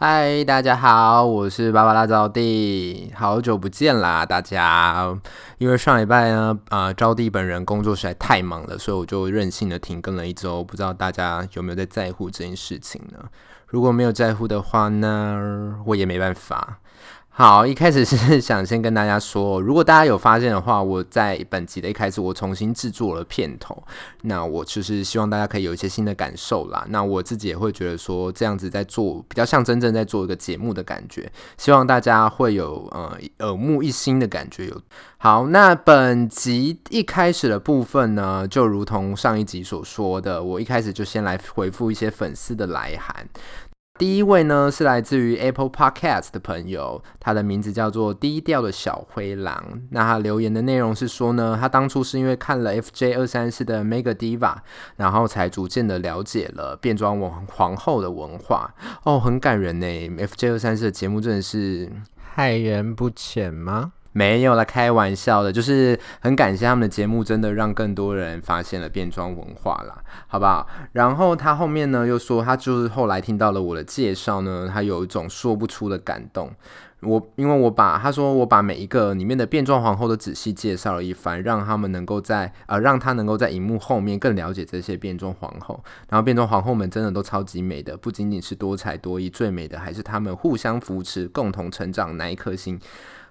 嗨，Hi, 大家好，我是芭芭拉招弟，好久不見啦，大家！因為上禮拜呢，呃，招弟本人工作實在太忙了，所以我就任性的停更了一周，不知道大家有沒有在在乎這件事情呢？如果沒有在乎的話呢，我也沒辦法。好，一開始是想先跟大家說，如果大家有發現的話，我在本集的一開始我重新製作了片頭，那我其實希望大家可以有一些新的感受啦。那我自己也會覺得說，這樣子在做比較像真正在做一個節目的感覺，希望大家會有呃耳目一新的感覺有。有好，那本集一開始的部分呢，就如同上一集所說的，我一開始就先來回復一些粉絲的來函。第一位呢是來自於 Apple Podcast 的朋友，他的名字叫做低調的小灰狼。那他留言的內容是說呢，他當初是因為看了 FJ 二三四的 Mega Diva，然後才逐漸的了解了變裝王皇後的文化。哦，很感人呢。FJ 二三四的節目真的是害人不淺嗎？沒有了，開玩笑的，就是很感謝他們的節目，真的讓更多人發現了變裝文化啦，好不好？然後他後面呢又說，他就是後來聽到了我的介紹呢，他有一種說不出的感動。我因為我把他說，我把每一個裡面的變裝皇後都仔細介紹了一番，讓他們能夠在呃，讓他能夠在熒幕後面更了解這些變裝皇後。然後變裝皇後們真的都超級美的，不僅僅是多才多藝，最美的還是他們互相扶持，共同成長的那一顆心。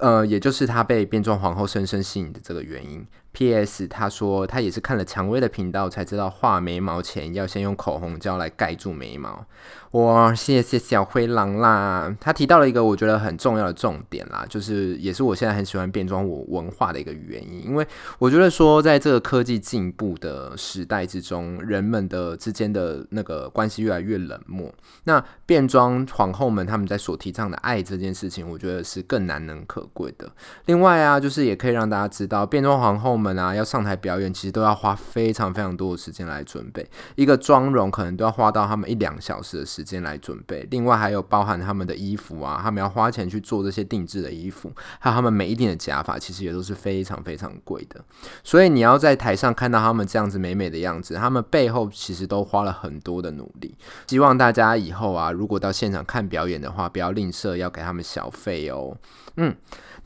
呃，也就是他被變裝皇后深深吸引的這個原因。P.S. 他說他也是看了薔薇的頻道才知道畫眉毛前要先用口紅膠來蓋住眉毛。哇，謝謝小灰狼啦！他提到了一個我覺得很重要的重點啦，就是也是我現在很喜歡變裝我文化的一個原因，因為我覺得說在這個科技進步的時代之中，人們的之間的那個關係越來越冷漠。那變裝皇後們他們在所提倡的愛這件事情，我覺得是更難能可貴的。另外啊，就是也可以讓大家知道變裝皇後們。啊，要上台表演，其實都要花非常非常多的時間來準備。一個妝容可能都要花到他們一兩小時的時間來準備。另外還有包含他們的衣服啊，他們要花錢去做這些定制的衣服，還有他們每一頂的假髮，其實也都是非常非常貴的。所以你要在台上看到他們這樣子美美的樣子，他們背後其實都花了很多的努力。希望大家以後啊，如果到現場看表演的話，不要吝嗇要給他們小費哦。嗯。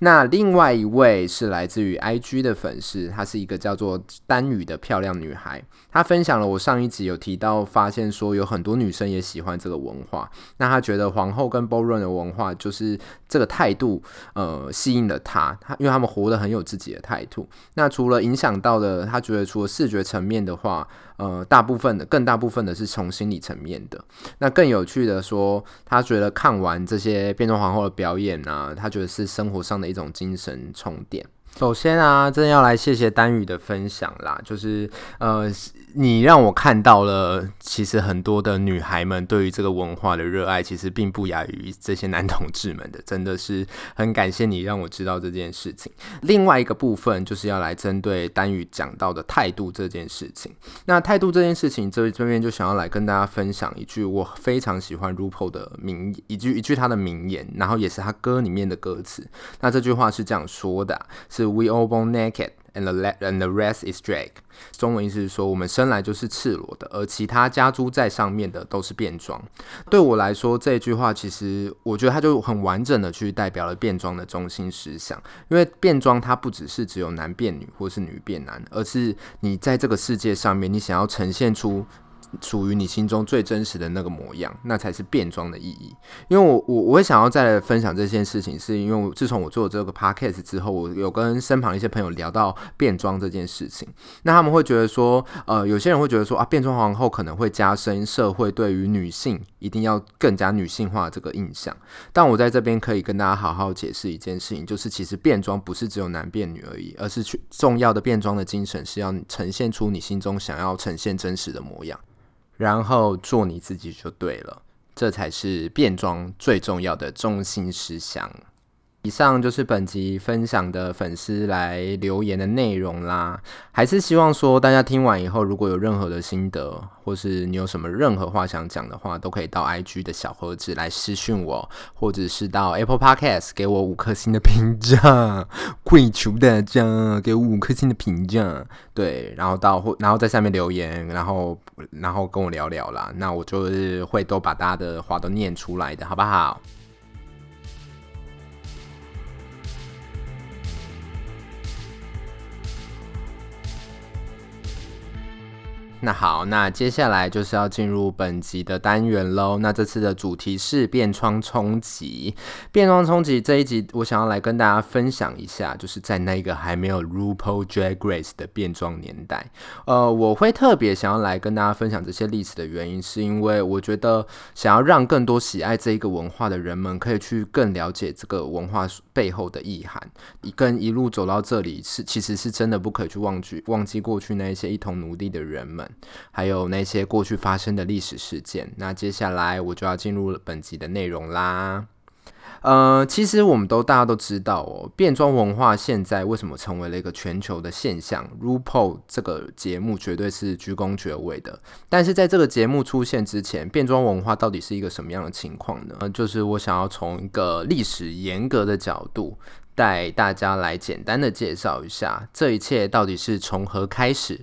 那另外一位是來自於 IG 的粉絲，她是一個叫做丹羽的漂亮女孩。她分享了我上一集有提到，發現說有很多女生也喜歡這個文化。那她覺得皇後跟 Boon 的文化就是這個態度，呃，吸引了她。她因為她們活得很有自己的態度。那除了影響到的，她覺得除了視覺層面的話。呃，大部分的，更大部分的是從心理層面的。那更有趣的說，他覺得看完這些變裝皇後的表演啊，他覺得是生活上的一種精神充電。首先啊，真的要來謝謝丹羽的分享啦，就是呃，你讓我看到了，其實很多的女孩們對於這個文化的熱愛，其實並不亞於這些男同志們的，真的是很感謝你讓我知道這件事情。另外一個部分就是要來針對丹羽講到的態度這件事情。那態度這件事情，這這邊就想要來跟大家分享一句我非常喜歡 RuPaul 的名一句一句他的名言，然後也是他歌裡面的歌詞。那這句話是這樣說的，啊，是。We all born naked, and the and the rest is drag. 中文意思是說，我們生來就是赤裸的，而其他加諸在上面的都是變裝。對我來說，這句話其實我覺得它就很完整的去代表了變裝的中心思想。因為變裝它不只是只有男變女或是女變男，而是你在這個世界上面，你想要呈現出。屬於你心中最真實的那個模樣，那才是變裝的意義。因為我我我會想要再來分享這件事情，是因為自從我做這個 podcast 之後，我有跟身旁一些朋友聊到變裝這件事情。那他們會覺得說，呃，有些人會覺得說，啊，變裝皇后可能會加深社會對於女性一定要更加女性化這個印象。但我在這邊可以跟大家好好解釋一件事情，就是其實變裝不是只有男變女而已，而是去重要的變裝的精神是要呈現出你心中想要呈現真實的模樣。然後做你自己就對了，這才是變裝最重要的中心思想。以上就是本集分享的粉絲來留言的內容啦，還是希望說大家聽完以後，如果有任何的心得，或是你有什麼任何話想講的話，都可以到 IG 的小盒子來私訊我，或者是到 Apple Podcast 給我五顆星的評價，跪求大家給我五顆星的評價，對，然後到，然後在下面留言，然後然後跟我聊聊啦，那我就是會都把大家的話都念出來的好不好？那好，那接下來就是要進入本集的單元嘍。那這次的主題是變裝衝擊。變裝衝擊這一集，我想要來跟大家分享一下，就是在那個還沒有 RuPaul's Drag Race 的變裝年代。呃，我會特別想要來跟大家分享這些歷史的原因，是因為我覺得想要讓更多喜愛這一個文化的人們可以去更了解這個文化背後的意涵。一跟一路走到這裡是，其實是真的不可以去忘記忘記過去那一些一同努力的人們。還有那些過去發生的歷史事件。那接下來我就要進入本集的內容啦。呃，其實我們都大家都知道哦，變裝文化現在為什麼成為了一個全球的現象？RuPaul 這個節目絕對是居功厥偉的。但是在這個節目出現之前，變裝文化到底是一個什麼樣的情況呢？就是我想要從一個歷史嚴格的角度帶大家來簡單的介紹一下，這一切到底是從何開始。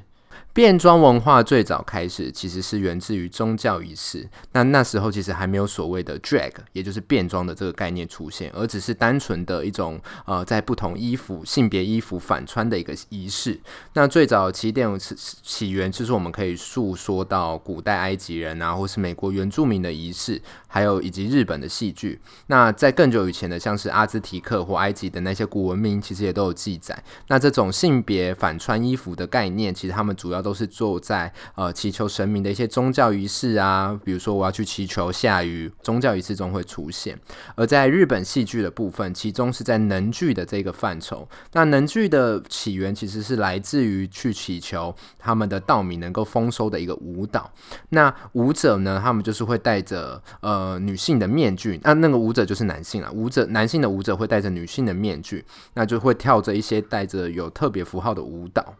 變裝文化最早開始其實是源自於宗教儀式，那那時候其實還沒有所謂的 drag，也就是變裝的這個概念出現，而只是單純的一種呃在不同衣服、性別衣服反穿的一個儀式。那最早起點起起源就是我們可以述說，到古代埃及人啊，或是美國原住民的儀式，還有以及日本的戲劇。那在更久以前的，像是阿茲提克或埃及的那些古文明，其實也都有記載。那這種性別反穿衣服的概念，其實他們主要。都是坐在呃祈求神明的一些宗教儀式啊，比如說我要去祈求下雨，宗教儀式中會出現。而在日本戲劇的部分，其中是在能劇的這個範疇。那能劇的起源其實是來自於去祈求他們的稻米能夠豐收的一個舞蹈。那舞者呢，他們就是會戴着呃女性的面具，那、啊、那個舞者就是男性了。舞者男性的舞者會戴着女性的面具，那就會跳着一些帶着有特別符號的舞蹈。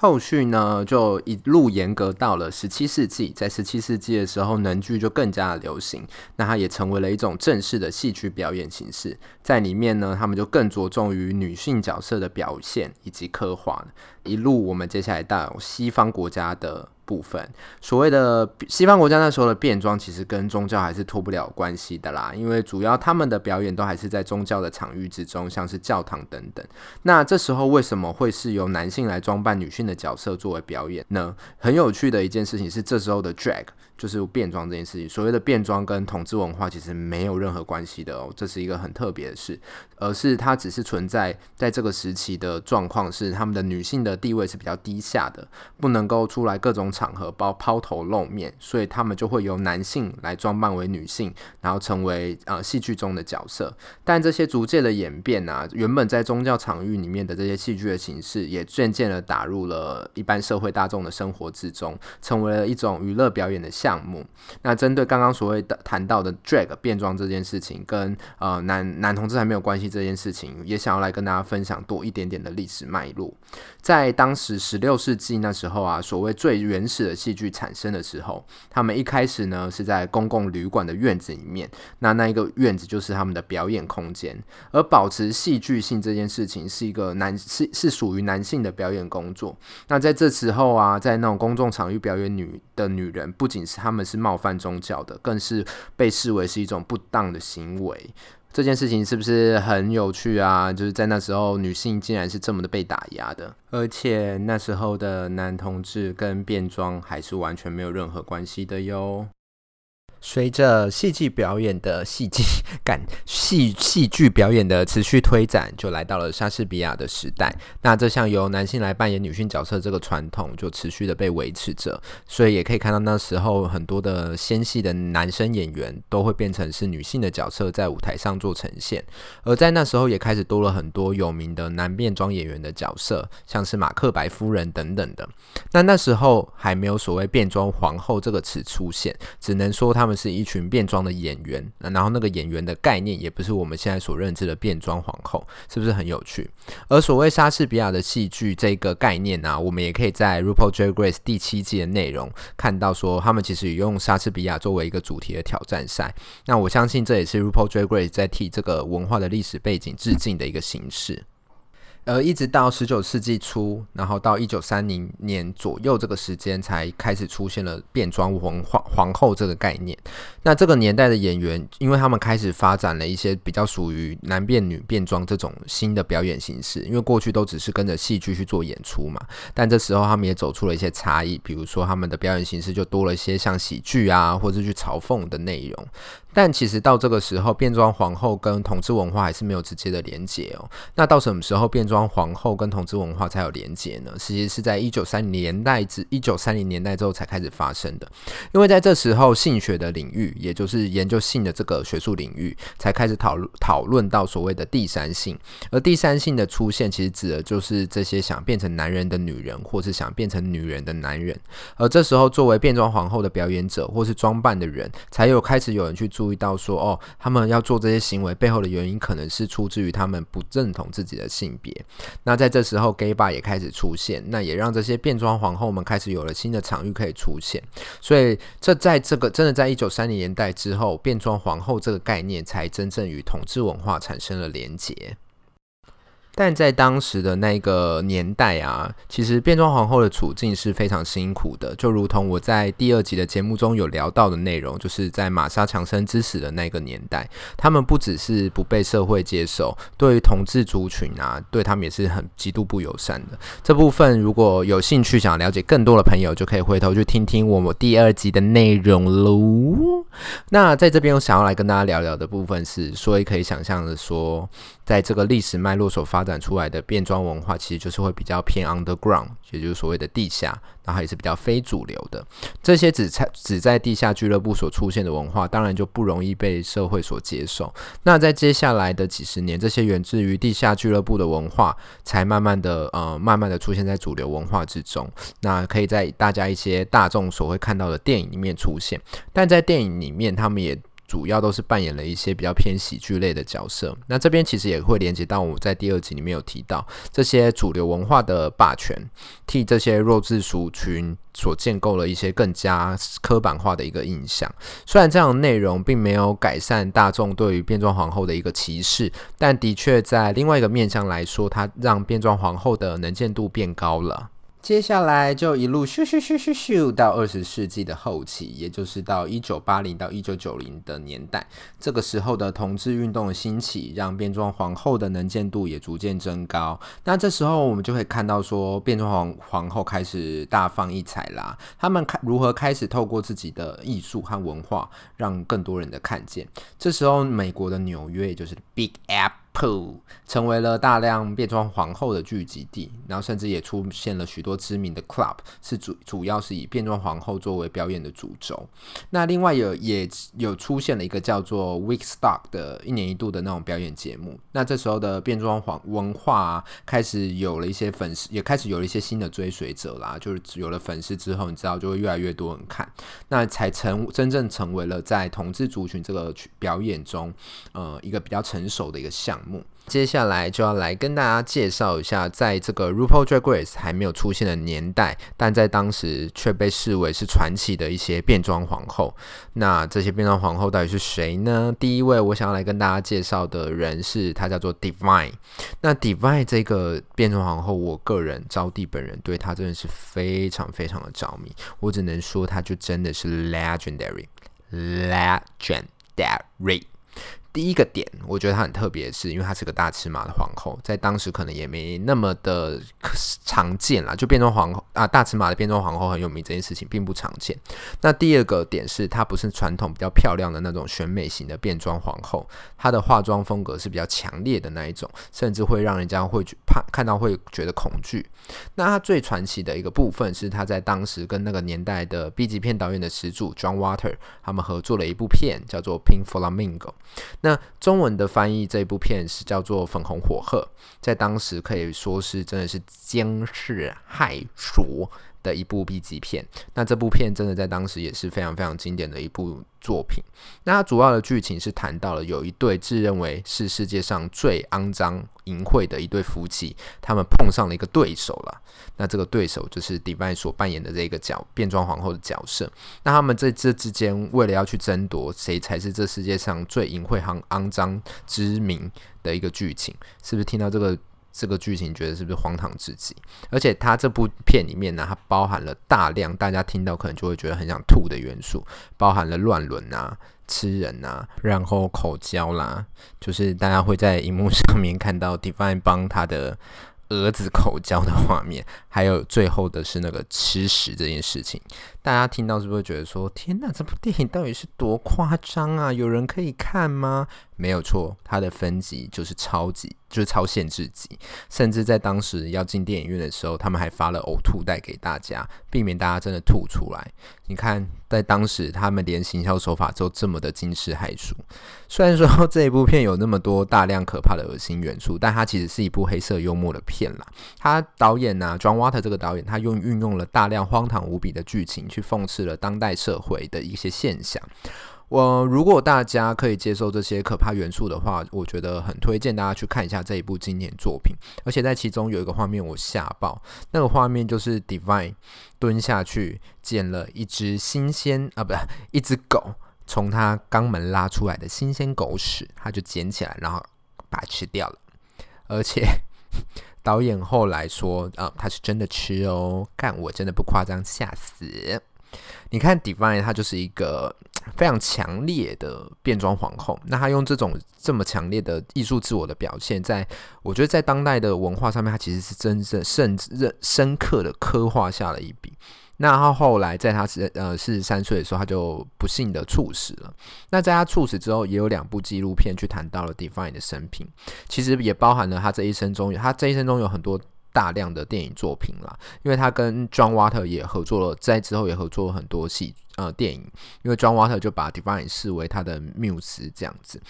後續呢，就一路嚴格到了十七世紀，在十七世紀的時候，能劇就更加的流行，那它也成為了一種正式的戲劇表演形式。在裡面呢，他們就更着重於女性角色的表現以及刻畫。一路我們接下來到、哦、西方國家的部分，所謂的西方國家那時候的變裝，其實跟宗教還是脫不了關係的啦，因為主要他們的表演都還是在宗教的場域之中，像是教堂等等。那這時候為什麼會是由男性來裝扮女性的角色作為表演呢？很有趣的一件事情是，這時候的 drag 就是變裝這件事情，所謂的變裝跟同志文化其實沒有任何關係的哦，這是一個很特別的事，而是它只是存在在，在這個時期的狀況是他們的女性的。的地位是比較低下的，不能夠出來各種場合包拋頭露面，所以他們就會由男性來裝扮為女性，然後成為呃戲劇中的角色。但這些逐漸的演變呢、啊，原本在宗教場域裡面的這些戲劇的形式，也漸漸的打入了一般社會大眾的生活之中，成為了一種娛樂表演的項目。那針對剛剛所謂的談到的 drag 變裝這件事情，跟呃男男同志還沒有關係這件事情，也想要來跟大家分享多一點點的歷史脈絡，在。在當時十六世紀那時候啊，所謂最原始的戲劇產生的時候，他們一開始呢是在公共旅館的院子裡面，那那一個院子就是他們的表演空間。而保持戲劇性這件事情是一個男是是屬於男性的表演工作。那在這時候啊，在那種公眾場域表演女的女人，不僅是他們是冒犯宗教的，更是被視為是一種不當的行為。這件事情是不是很有趣啊？就是在那時候，女性竟然是這麼的被打壓的，而且那時候的男同志跟變裝還是完全沒有任何關係的喲。隨着戲劇表演的戲劇感戲戲劇表演的持續推展，就來到了莎士比亞的時代。那這項由男性來扮演女性角色這個傳統就持續的被維持着，所以也可以看到那時候很多的纖細的男生演員都會變成是女性的角色在舞台上做呈現。而在那時候也開始多了很多有名的男變裝演員的角色，像是馬克白夫人等等的。那那時候還沒有所謂“變裝皇后”這個詞出現，只能說他們。是一群變裝的演員，啊，然後那個演員的概念也不是我們現在所認知的變裝皇後，是不是很有趣？而所謂莎士比亞的戲劇這個概念呢，啊，我們也可以在《RuPaul's Drag Race》第七季的內容看到，說他們其實也用莎士比亞作為一個主題的挑戰賽。那我相信這也是《RuPaul's Drag Race》在替這個文化的歷史背景致敬的一個形式。呃，而一直到十九世紀初，然後到一九三零年左右這個時間，才開始出現了變裝皇皇後這個概念。那這個年代的演員，因為他們開始發展了一些比較屬於男變女變裝這種新的表演形式，因為過去都只是跟着戲劇去做演出嘛。但這時候他們也走出了一些差異，比如說他們的表演形式就多了一些像喜劇啊，或者去嘲諷的內容。但其實到這個時候，變裝皇後跟同志文化還是沒有直接的連結哦、喔。那到什麼時候變裝皇後跟同志文化才有連結呢？其實是在一九三零年代至一九三零年代之後才開始發生的，因為在這時候性學的領域，也就是研究性的這個學術領域，才開始討論討論到所謂的第三性。而第三性的出現，其實指的就是這些想變成男人的女人，或是想變成女人的男人。而這時候，作為變裝皇後的表演者或是裝扮的人，才有開始有人去。注意到說哦，他們要做這些行為背後的原因，可能是出自於他們不認同自己的性別。那在這時候，gay bar 也開始出現，那也讓這些變裝皇後們開始有了新的場域可以出現。所以，這在這個真的在一九三零年代之後，變裝皇後這個概念才真正與同志文化產生了連結。但在當時的那個年代啊，其實變裝皇後的處境是非常辛苦的。就如同我在第二集的節目中有聊到的內容，就是在瑪莎強生之死的那個年代，他們不只是不被社會接受，對於同志族群啊，對他們也是很極度不友善的。這部分如果有興趣想要了解更多的朋友，就可以回頭去聽聽我們第二集的內容嘍。那在這邊我想要來跟大家聊聊的部分是，所以可以想象的說，在這個歷史脈絡所發。展出來的變裝文化其實就是會比較偏 underground，也就是所謂的地下，然後也是比較非主流的。這些只在只在地下俱樂部所出現的文化，當然就不容易被社會所接受。那在接下來的幾十年，這些源自於地下俱樂部的文化，才慢慢的呃慢慢的出現在主流文化之中。那可以在大家一些大眾所會看到的電影裡面出現，但在電影裡面，他們也。主要都是扮演了一些比較偏喜劇類的角色。那這邊其實也會連接到我在第二集裡面有提到，這些主流文化的霸權替這些弱智族群所建構了一些更加刻板化的一個印象。雖然這樣的內容並沒有改善大眾對於變裝皇後的一個歧視，但的確在另外一個面向來說，它讓變裝皇後的能見度變高了。接下來就一路咻咻咻咻咻，到二十世紀的後期，也就是到一九八零到一九九零的年代。這個時候的同志運動的興起，讓變裝皇後的能見度也逐漸增高。那這時候我們就會看到說，變裝皇皇后開始大放異彩啦，啊。他們開如何開始透過自己的藝術和文化，讓更多人的看見？這時候，美國的紐約就是 Big App。成為了大量變裝皇後的聚集地，然後甚至也出現了許多知名的 club，是主主要是以變裝皇后作為表演的主軸。那另外有也，也有出現了一個叫做 Wigstock 的一年一度的那種表演節目。那這時候的變裝皇文化啊，開始有了一些粉絲，也開始有了一些新的追隨者啦。就是有了粉絲之後，你知道就會越來越多人看，那才成真正成為了在同志族群這個表演中，呃，一個比較成熟的一個項目。接下來就要來跟大家介紹一下，在這個 RuPaul Drag Race 還沒有出現的年代，但在當時卻被視為是傳奇的一些變裝皇後。那這些變裝皇后到底是誰呢？第一位我想要來跟大家介紹的人是，她叫做 Divine。那 Divine 這個變裝皇後，我個人招弟本人對她真的是非常非常的着迷，我只能說她就真的是 leg legendary，legendary。第一個點，我覺得她很特別，是因為她是個大尺碼的皇後，在當時可能也沒那麼的常見啦。就變裝皇後啊，大尺碼的變裝皇後很有名，這件事情並不常見。那第二個點是，她不是傳統比較漂亮的那種選美型的變裝皇後，她的化妝風格是比較強烈的那一種，甚至會讓人家會去怕，看到會覺得恐懼。那她最傳奇的一個部分是，她在當時跟那個年代的 B 級片導演的始祖 John Water 他們合作了一部片，叫做《Pink Flamingo》。那中文的翻譯這部片是叫做《粉紅火鶴》，在當時可以說是真的是驚世駭俗。的一部 B 級片，那這部片真的在當時也是非常非常經典的一部作品。那它主要的劇情是談到了有一對自認為是世界上最骯髒淫穢的一對夫妻，他們碰上了一個對手了。那這個對手就是 Divine 所扮演的這個角變裝皇後的角色。那他們在這之間為了要去爭奪誰才是這世界上最淫穢行骯髒之名的一個劇情，是不是聽到這個？這個劇情覺得是不是荒唐至極？而且它這部片裡面呢，它包含了大量大家聽到可能就會覺得很想吐的元素，包含了亂倫啊、吃人啊，然後口交啦，就是大家會在熒幕上面看到 Divine 幫他的兒子口交的畫面，還有最後的是那個吃屎這件事情，大家聽到是不是會覺得說天哪，這部電影到底是多誇張啊？有人可以看嗎？沒有錯，它的分級就是超級，就是超限制級。甚至在當時要進電影院的時候，他們還發了嘔吐袋給大家，避免大家真的吐出來。你看，在當時他們連行銷手法都這麼的驚世駭俗。雖然說這一部片有那麼多大量可怕的噁心元素，但它其實是一部黑色幽默的片啦。他導演呢、啊、，John Water 這個導演，他用運用了大量荒唐無比的劇情去諷刺了當代社會的一些現象。我如果，大家可以接受這些可怕元素的話，我覺得很推薦大家去看一下這一部經典作品。而且在其中有一個畫面我嚇爆，那個畫面就是 Divine 蹲下去撿了一隻新鮮啊，不，一隻狗從它肛門拉出來的新鮮狗屎，他就撿起來，然後把它吃掉了。而且導演後來說，呃，他是真的吃哦，幹我真的不誇張，嚇死。你看 Divine 他就是一個非常強烈的變裝皇後。那他用這種這麼強烈的藝術自我的表現在，在我覺得在當代的文化上面，他其實是真正甚至認深刻的刻畫下了一筆。那他後，後來在他呃四十三歲的時候，他就不幸的猝死了。那在他猝死之後，也有兩部紀錄片去談到了 Divine 的生平，其實也包含了他這一生中，他這一生中有很多。大量的電影作品啦，因為他跟 John Water 也合作了，在之後也合作了很多戲呃電影，因為 John Water 就把 Divine 視為他的繆斯這樣子。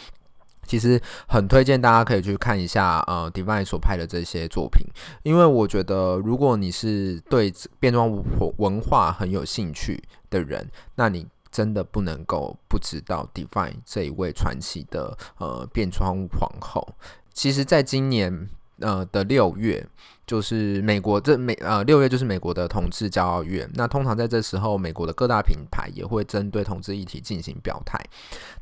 其實很推薦大家可以去看一下呃 Divine 所拍的這些作品，因為我覺得如果你是對變裝文化很有興趣的人，那你真的不能夠不知道 Divine 這一位傳奇的呃變裝皇後。其實，在今年呃的六月。就是美國這美呃六月就是美國的同志驕傲月，那通常在這時候，美國的各大品牌也會針對同志議題進行表態。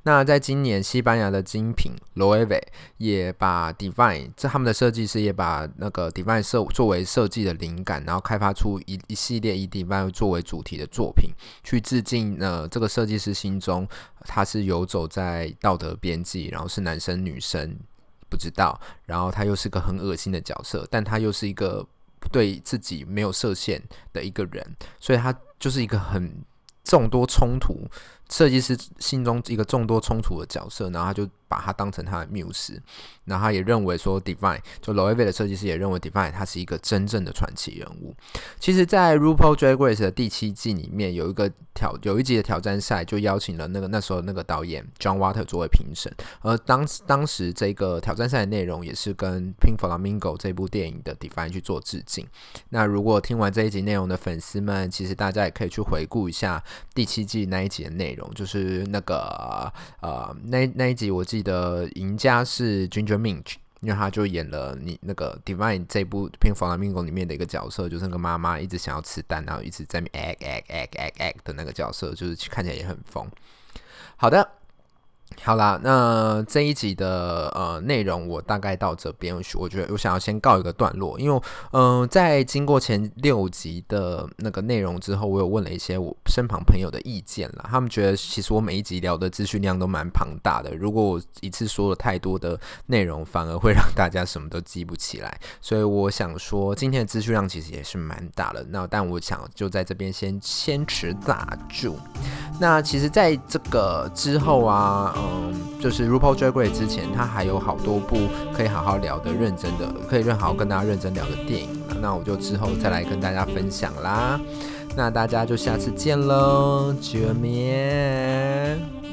那在今年，西班牙的精品 Loewe 也把 Divine 這他們的設計師也把那個 Divine 設作為設計的靈感，然後開發出一一系列以 Divine 作為主題的作品，去致敬呢、呃、這個設計師心中他是遊走在道德邊際，然後是男生女生，不知道，然後他又是個很惡心的角色，但他又是一個對自己沒有設限的一個人，所以他就是一個很眾多衝突，設計師心中一個眾多衝突的角色，然後他就。把他當成他的繆斯，然後他也認為說，Divine 就 l o 薇的設計師也認為 Divine 他是一個真正的傳奇人物。其實，在 RuPaul Drag r a c s 的第七季裡面，有一個挑有一集的挑戰賽，就邀請了那個那時候那個導演 John Water 作為評審。而當當時這個挑戰賽的內容也是跟《p i n f l a m i n g o 這部電影的 d e v i n e 去做致敬。那如果聽完這一集內容的粉絲們，其實大家也可以去回顧一下第七季那一集的內容，就是那個呃那那一集我記。你的贏家是 Ginger Minj，因為他就演了你那個 Divine 這部片《Pink Flamingos》裡面的一個角色，就是那個媽媽一直想要吃蛋，然後一直在 egg egg egg egg egg 的那個角色，就是看起來也很瘋。好的。好啦，那這一集的呃內容我大概到這邊，我覺得我想要先告一個段落，因為嗯、呃，在經過前六集的那個內容之後，我有問了一些我身旁朋友的意見啦，他們覺得其實我每一集聊的資訊量都蠻龐大的，如果我一次說了太多的內容，反而會讓大家什麼都記不起來，所以我想說今天的資訊量其實也是蠻大的，那但我想就在這邊先先持打住。那其實，在這個之後啊，嗯，就是《RuPaul's Drag Race 之前，它還有好多部可以好好聊的，認真的，可以認好，好跟大家認真聊的電影。那我就之後再來跟大家分享啦。那大家就下次見嘍，見面。